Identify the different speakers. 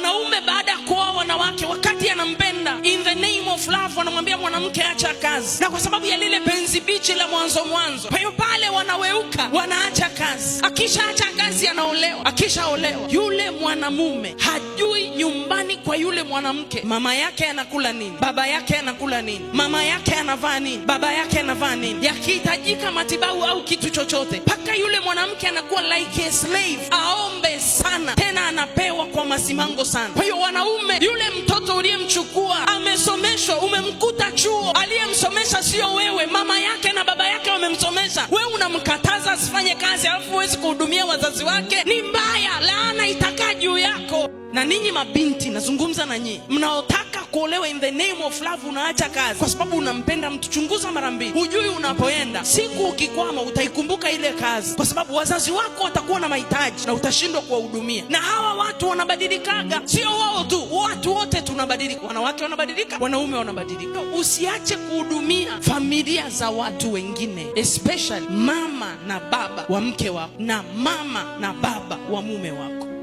Speaker 1: Wanaume baada ya kuoa wanawake, wakati anampenda, in the name of love, wanamwambia mwanamke acha kazi, na kwa sababu ya lile penzi bichi la mwanzo mwanzo. Kwa hiyo pale wanaweuka, wanaacha kazi. Akishaacha kazi, anaolewa. Akishaolewa, yule mwanamume hajui nyumbani kwa yule mwanamke, mama yake anakula nini, baba yake anakula nini, mama yake anavaa nini, baba yake anavaa nini, yakihitajika matibabu au kitu chochote, mpaka yule mwanamke anakuwa like a slave masimango sana. Kwa hiyo wanaume, yule mtoto uliyemchukua amesomeshwa, umemkuta chuo, aliyemsomesha sio wewe, mama yake na baba yake wamemsomesha. Wewe unamkataza asifanye kazi, alafu huwezi kuhudumia wazazi wake? Ni mbaya, laana itakaa juu yako. Na ninyi mabinti, nazungumza na nyinyi mnaotaka kuolewa in the name of love, unaacha kazi kwa sababu unampenda mtu, chunguza mara mbili, hujui unapoenda, siku ukikwama utaikumbuka ile kazi, kwa sababu wazazi wako watakuwa na mahitaji na utashindwa kuwahudumia. Na hawa watu wanabadilikaga, sio wao tu, watu wote tunabadilika. Wanawake wanabadilika, wanaume wanabadilika. Usiache kuhudumia familia za watu wengine, especially mama na baba wa mke wako na mama na baba wa mume wako.